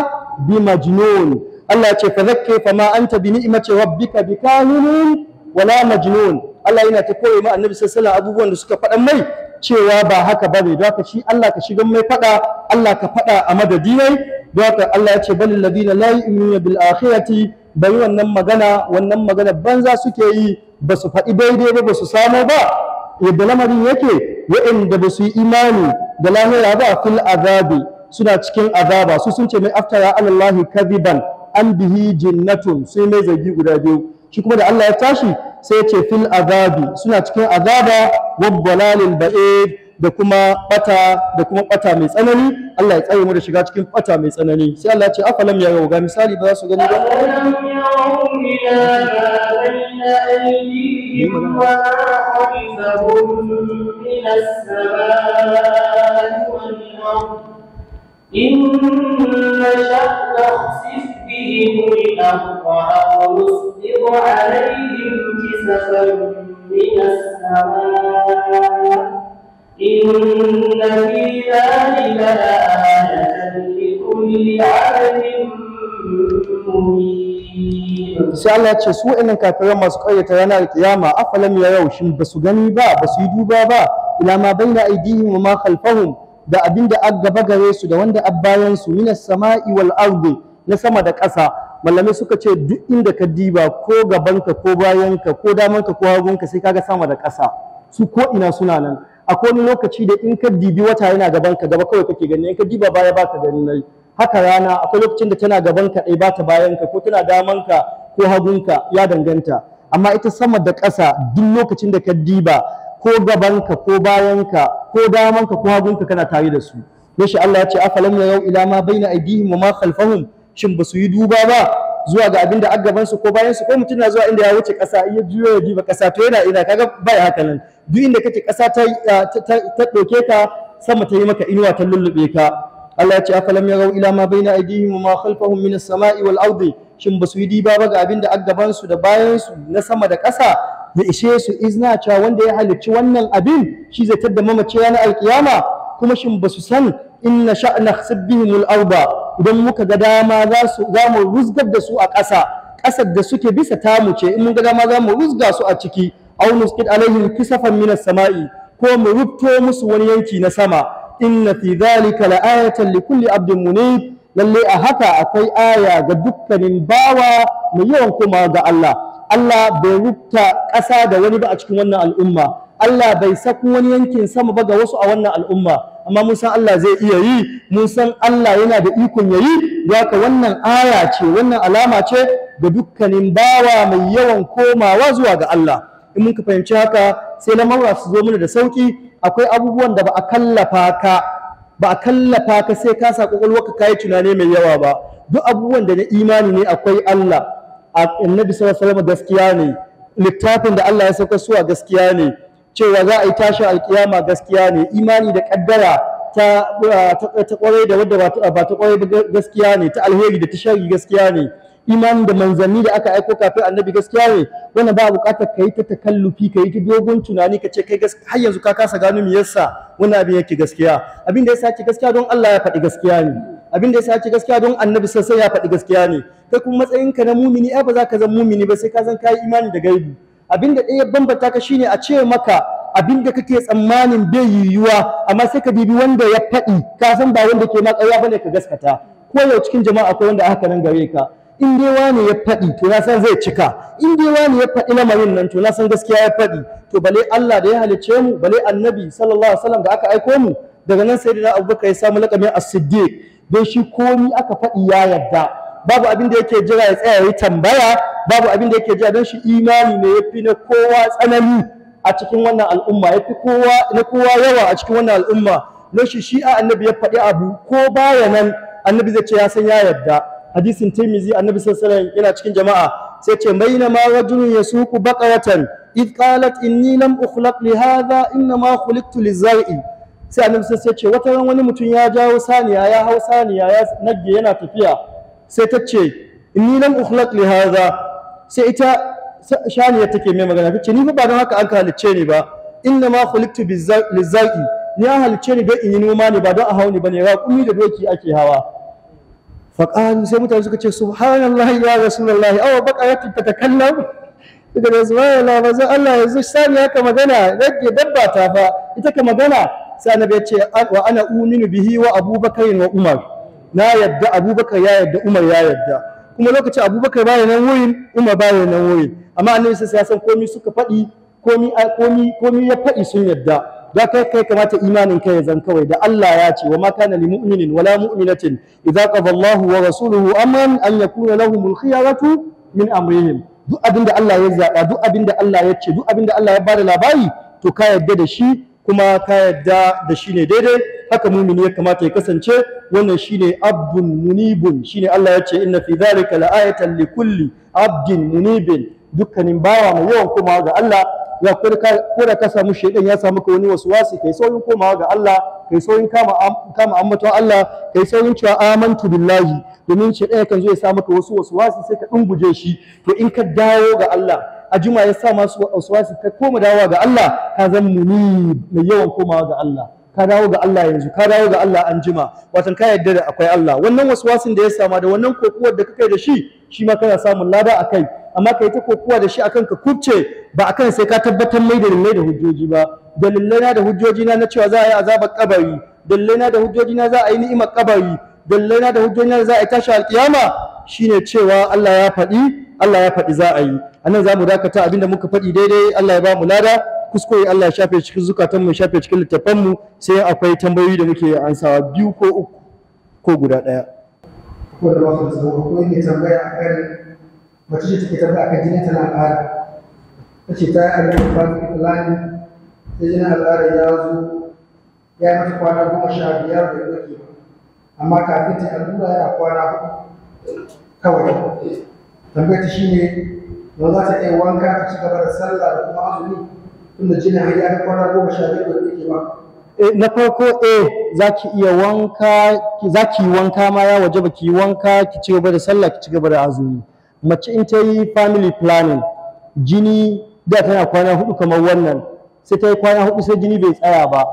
bi majnun Allah ya ce fadhakkir fa ma anta bi ni'mati rabbika bi kahinun wala majnun Allah yana ta koyi ma annabi sallallahu abubuwan da suka faɗan mai cewa ba haka ne. don shi Allah ka shigan mai faɗa Allah ka faɗa a madadi ne don Allah ya ce balil ladina la yu'minuna bil akhirati bai wannan magana wannan magana banza suke yi ba su faɗi daidai ba ba su samo ba yadda lamarin yake waɗanda ba su yi imani da lahira ba a fil azabi suna cikin azaba su sun ce mai aftara alallahi kaziban an bihi jinnatun sai mai zargi guda biyu shi kuma da Allah ya tashi sai ya ce fil azabi suna cikin azaba wabbalalil ba'id da kuma bata da kuma bata mai tsanani Allah ya tsare mu da shiga cikin bata mai tsanani sai Allah ya ce afalam ya ga misali ba za su gani ba ya ila wa ربهم من السماء والأرض إن شأ نخسف بهم الأرض أو نسقط عليهم كسفا من السماء إن في ذلك لآية لكل عبد منيب sai Allah ya ce su wa'annan kafirai masu ƙaryata ranar kiyama afalam ya yau shin su gani ba su yi duba ba ila ma baina aidihim wa ma khalfahum da abinda aka gaba gare su da wanda bayan su minas sama'i wal ardi na sama da ƙasa malamai suka ce duk inda ka diba ko gabanka ko bayanka ko damanka ko hagunka sai kaga sama da ƙasa su ko ina suna nan akwai wani lokaci da in ka dibi wata yana gabanka gaba kawai kake gani in ka diba baya baka gani nai haka rana akwai lokacin da tana gaban ka ɗaya bata bayan ka ko tana daman ka ko hagunka ya danganta amma ita sama da ƙasa duk lokacin da ka diba ko gabanka ko bayanka ko damanka ko hagunka kana tare da su yashi Allah ya ce afalam yau ila ma baina aydihim wa ma khalfahum shin su yi duba ba zuwa ga abinda a gaban su ko bayan su ko mutum na zuwa inda ya wuce ƙasa ya juyo ya diba ƙasa to yana ina kaga bai haka nan duk inda kake ƙasa ta ɗauke ka sama ta yi maka inuwa ta lullube ka Allah ya ce afalam yau ila ma baina aydihim wa ma khalfahum min samai wal ardi shin ba su yi diba ba ga abin da aka gaban su da bayan su na sama da ƙasa ya ishe su izna cewa wanda ya halicci wannan abin shi zai tadda mamace na alkiyama kuma shin ba su san inna sha'na khasabbihimul ba? idan muka ga dama za su za mu ruzgar da su a ƙasa ƙasar da suke bisa ta ce in mun ga dama za mu ruzga su a ciki aw nusqit alaihim kisafan minas sama'i ko mu rubto musu wani yanki na sama inna fi dhalika la'ayatan likulli abdin munib lalle a haka akwai aya ga dukkanin bawa mai yawan koma ga Allah Allah bai rubuta ƙasa da wani ba a cikin wannan al'umma Allah bai saku wani yankin sama ba ga wasu a wannan al'umma amma musa san Allah zai iya yi mun Allah yana da ikon yayi ya ka wannan aya ce wannan alama ce ga dukkanin bawa mai yawan komawa zuwa ga Allah in muka fahimci haka sai na maura su zo mana da sauƙi. akwai abubuwan da ba a kallafa ka ba a kallafa ka sai ka sa ka kayi tunani mai yawa ba duk abubuwan da na imani ne akwai Allah annabi sallallahu alaihi gaskiya ne littafin da Allah ya sauka suwa gaskiya ne cewa za a yi tashin alkiyama gaskiya ne imani da kaddara ta ta kwarai da wadda ba ta kwarai gaskiya ne ta alheri da ta shari gaskiya ne imani da manzanni da aka aiko kafin annabi gaskiya ne wannan ba bukatar kai ta takallufi kai ta dogon tunani ka ce kai har yanzu ka kasa gano me yasa wannan abin yake gaskiya abin da yasa ce gaskiya don Allah ya faɗi gaskiya ne abin da yasa ce gaskiya don annabi sai ya faɗi gaskiya ne kai kuma ka na mumini ai ba za ka zama mumini ba sai ka zan kai imani da gaibi abin da ɗaya bambanta ka shine a ce maka abin da kake tsammanin bai yiwuwa amma sai ka bibi wanda ya faɗi ka san ba wanda ke ma ƙarya ne ka gaskata ko yau cikin jama'a akwai wanda aka nan gare ka in dai wani ya faɗi to na san zai cika in dai wani ya faɗi lamarin nan to na san gaskiya ya faɗi to bale Allah da ya halicce mu bale annabi sallallahu alaihi wasallam da aka aiko mu daga nan sayyidina Abubakar ya samu laƙabin as-siddiq don shi komi aka faɗi ya yarda babu abin da yake jira ya tsaya ya tambaya babu abin da yake jira dan shi imani ne yafi na kowa tsanani a cikin wannan al'umma yafi kowa na kowa yawa a cikin wannan al'umma don shi shi a annabi ya faɗi abu ko baya nan annabi zai ce ya san ya yarda hadisin Tirmidhi annabi sallallahu alaihi wasallam yana cikin jama'a sai ce ma rajulun yasuqu baqaratan id qalat inni lam ukhlaq li hadha inna ma khuliqtu lizar'i sai annabi sallallahu alaihi ce wata ran wani mutum ya jawo saniya ya hau saniya ya nagge yana tafiya sai ta ce inni lam ukhlaq li hadha sai ita shaniya take mai magana ce, ni fa ba don haka an halicce ni ba inna ma khuliqtu lizar'i ni an halicce ni don in yi noma ne ba don a hauni bane raƙumi da doki ake hawa faƙalu sai mutane suka ce subhanallah ya rasulullahi awa baƙaratu ta kallon daga da subhanallah manzon Allah yanzu sani ka magana rage dabba ta fa ita ka magana sai na ce wa ana uminu bihi wa abubakar wa umar na yadda abubakar ya yadda umar ya yadda kuma lokacin abubakar baya nan wurin umar baya nan wurin amma annabi sai ya san komi suka faɗi komi komi ya faɗi sun yadda da kai kai kamata imanin kai ya zan kawai da Allah ya ce wa mata kana lil mu'minin wala mu'minatin idza qada Allahu wa rasuluhu amran an yakuna al khiyaratu min amrihim duk abinda Allah ya zaɓa duk abinda Allah ya ce duk abinda Allah ya bada labari to ka yadda da shi kuma ka yadda da shi ne daidai haka mumini ya kamata ya kasance wannan shine abdun munibun shine Allah ya ce inna fi zalika la'ayatan likulli abdin munibin dukkanin bawa mai yawan kuma ga Allah ya ko da ka samu shaidan ya samu ka wani wasi kai sauyin komawa ga Allah kai sauyin kama kama ambaton Allah kai sauyin cewa amantu billahi domin shaidan yakan zo ya sa maka wasu wasi sai ka dunguje shi to in ka dawo ga Allah a juma ya sa masu wasi ka koma dawowa ga Allah ka zan muni mai yawan komawa ga Allah ka dawo ga Allah yanzu ka dawo ga Allah an jima watan ka yarda da akwai Allah wannan waswasin da ya sama da wannan kokuwar da kake da shi shi ma kana samun lada akai amma yi ta kokowa da shi akan ka kubce ba kan sai ka tabbatar mai da mai da hujjoji ba na da hujjoji na cewa za a yi azabar kabari na da hujjoji na za a yi ni'imar kabari na da hujjoji na za a yi tashi alkiyama shine cewa Allah ya faɗi Allah ya faɗi za a yi anan za mu dakata abinda muka faɗi daidai Allah ya ba mu lada kuskure Allah ya shafe cikin zukatanmu ya shafe cikin littafanmu sai akwai tambayoyi da muke ansawa biyu ko uku ko guda ɗaya. Ko da ko tambaya akan wata ce take tabbata akan jini tana ƙara ta ce ta yi abin da ba fulani sai jinin al'ada ya zo ya yi mata kwana goma sha biyar da ya ke amma kafin ta allura ya kwana kawai tambayar ta ne, ba za ta iya wanka ta ci gaba da sallah da kuma azumi tunda jini har ya kwana goma sha biyar da ya ke ba eh, na farko eh za ki iya wanka za ki yi wanka ma ya waje ba ki yi wanka ki ci gaba da sallah ki ci gaba da azumi mace in ta yi family planning jini da tana kwana hudu kamar wannan sai ta yi kwana hudu sai jini bai tsaya ba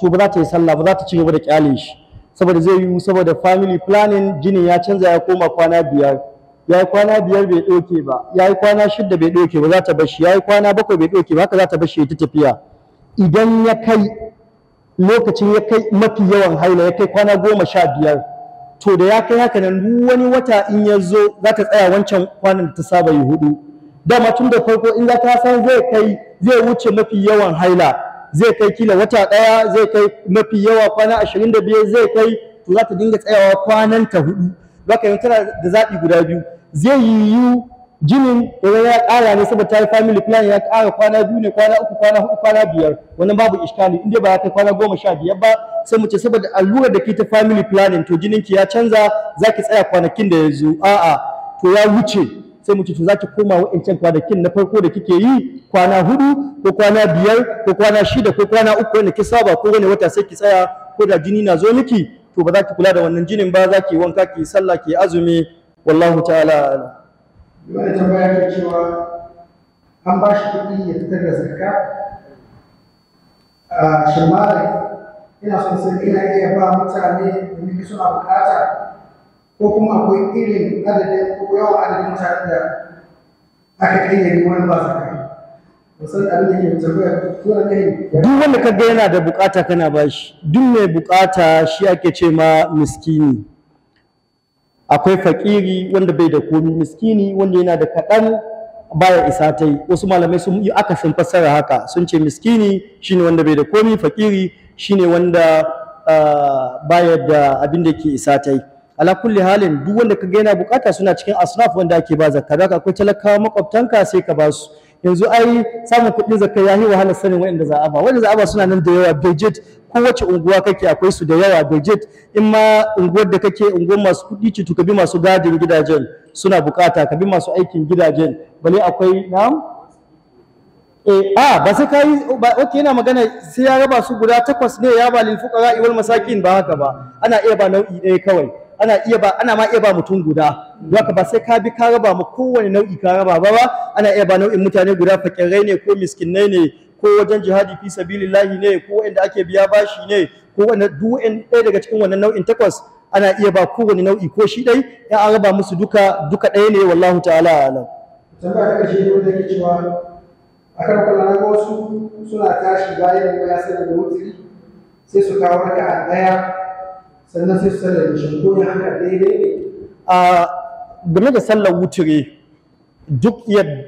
to ba za ta yi sallah ba za ta ci gaba da kyale shi saboda zai yiwu saboda family planning jini ya canza ya koma kwana biyar ya yi kwana biyar bai ɗauke ba ya yi kwana shida bai ɗauke ba za ta bashi ya yi kwana bakwai bai ɗauke ba haka za ta bashi ta tafiya idan ya kai lokacin ya kai mafi yawan haila ya kai kwana goma sha biyar to da ya kai haka nan duk wani wata in ya zo za ta tsaya wancan kwanan da ta saba yi hudu dama tun da farko in za ta san zai kai zai wuce mafi yawan haila zai kai kila wata daya zai kai mafi yawa kwana ashirin da biyar zai kai to za ta dinga tsayawa kwanan ta hudu za ka yi tana da zaɓi guda biyu zai yiwu Jinin idan ya kara ne saboda ta yi family plan ya kara kwana biyu ne kwana uku kwana hudu kwana biyar wannan babu iskali inda ba ya kai kwana goma sha biyar ba sai mu saboda allurar da ke ta family planning to jinin ki ya canza za ki tsaya kwanakin da ya zo a'a to ya wuce sai mu to za ki koma wa'ancan kwanakin na farko da kike yi kwana hudu ko kwana biyar ko kwana shida ko kwana uku wanda ki saba ko wani wata sai ki tsaya ko da jini na zo miki to ba za ki kula da wannan jinin ba za ki wanka ki sallah ki azumi wallahu ta'ala ta bayar da cewa an ba shi kuɗi ya fitar da zakka a shimara ina son san ina iya ba mutane da muke suna bukata ko kuma akwai irin adadin ko yawan adadin mutane da aka kayyade wani ba zakka duk wanda kaga yana da bukata kana bashi duk mai bukata shi ake ce ma miskini akwai fakiri wanda bai da komi miskini wanda yana da kaɗan baya isa ta wasu malamai sun yi akasin fassara haka sun ce miskini shine wanda bai da komi fakiri shine wanda ah, baya da abin da ke isa ta yi ala kulli halin duk wanda ka ga yana bukata suna cikin asnaf wanda ake ba zakka akwai talakawa makwabtanka sai ka ba su yanzu ai samun kuɗin zakka yahi wahala sanin wa'anda za a ba wanda za a ba suna nan da yawa budget wace unguwa kake akwai su da yawa budget in ma unguwar da kake unguwar masu kuɗi ce to ka bi masu gadin gidajen suna bukata ka bi masu aikin gidajen bale akwai na'am eh a ba sai kai okay yana magana sai ya raba su guda takwas ne ya ba lil fuqara wal masakin ba haka ba ana iya ba nau'i ɗaya kawai ana iya ba ana ma iya ba mutum guda haka ba sai ka bi ka raba mu kowane nau'i ka raba ba ba ana iya ba nau'in mutane guda fakirai ne ko miskinai ne ko wajen jihadi fi sabilillahi ne ko wanda ake biya bashi ne ko wanda duk ɗaya daga cikin wannan nau'in takwas ana iya ba kowane nau'i ko shi dai ya an raba musu duka duka ɗaya ne wallahu ta'ala alam tambaya ta ƙarshe ne wanda yake cewa akan kallon wasu suna tashi bayan ya sanar da wutsi sai su kawo a daya sannan sai sallar ko ya haka daidai a game da sallar wuturi duk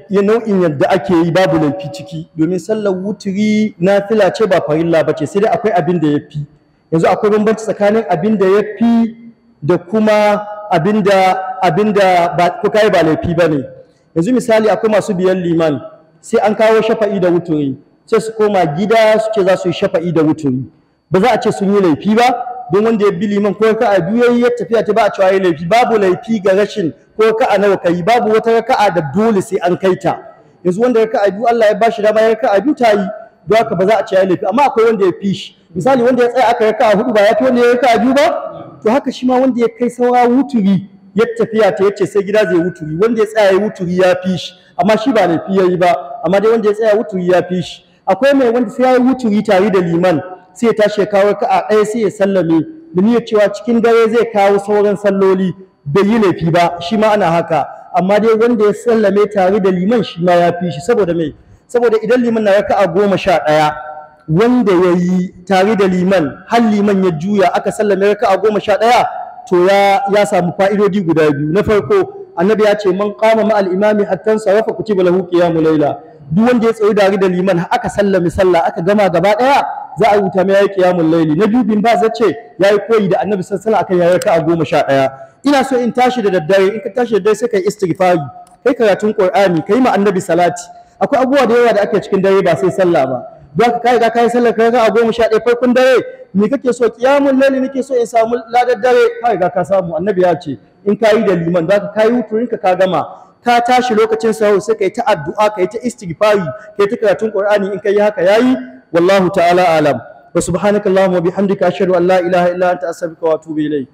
ya nau'in yadda ake yi babu laifi ciki domin sallar wuturi nafila ce ba farilla ba ce sai dai akwai abin da ya fi yanzu akwai bambanci tsakanin abin da ya fi da kuma abin da abin da ba ba laifi ba ne yanzu misali akwai masu biyan liman sai an kawo shafa'i da wuturi sai su koma gida suke ce za su yi shafa'i da wuturi ba za a ce sun yi laifi ba don wanda ya bi liman ko ka biyu yayi ya tafiya ta ba a cewa yi laifi babu laifi ga rashin ko a nawa kai babu wata raka'a da dole sai an kai ta yanzu wanda ya ka'a biyu Allah ya bashi dama ya ka'a biyu ta yi don haka ba za a ce ya laifi amma akwai wanda ya fi shi misali wanda ya tsaya aka ka'a hudu ba ya fi wanda ya ka'a biyu ba to haka shi ma wanda ya kai saura wuturi ya tafiya ta ce sai gida zai wuturi wanda ya tsaya ya wuturi ya fi shi amma shi ba laifi yayi ba amma dai wanda ya tsaya wuturi ya fi shi akwai mai wanda sai ya yi wuturi tare da liman sai ya tashi ya kawo raka'a ɗaya sai ya sallame da niyyar cewa cikin dare zai kawo sauran salloli bai yi laifi ba shi ma ana haka amma dai wanda ya sallame tare da liman shi ma ya fi shi saboda me saboda idan liman na raka'a goma sha ɗaya wanda ya yi tare da liman har liman ya juya aka sallame raka'a goma sha ɗaya to ya samu fa'idodi guda biyu na farko annabi ya ce man qama ma'al imami hatta sarafa kutiba lahu mu laila. duk wanda ya tsaye tare da liman aka sallame sallah aka gama gaba ɗaya za a rubuta mai yayi qiyamul laili na biyu bin ce ya yi koyi da annabi sallallahu yayar wasallam a goma sha ɗaya. ina so in tashi da daddare in ka tashi da daddare sai yi istighfari kai karatun ƙur'ani, ka yi ma annabi salati akwai abubuwa da yawa da ake cikin dare ba sai sallah ba don ka kai da kai sallar ka a goma sha ɗaya farkon dare me kake so kiyamun laili nake so in samu ladar dare ka ga ka samu annabi ya ce in ka yi da liman za ka kai wuturin ka ka gama ka tashi lokacin sahur sai ka yi ta addu'a yi ta istighfari kai ta karatun ƙur'ani in ka yi haka yayi wallahu ta'ala alam wa subhanakallahumma wa bihamdika ashhadu an la ilaha illa anta astaghfiruka wa atubu ilayk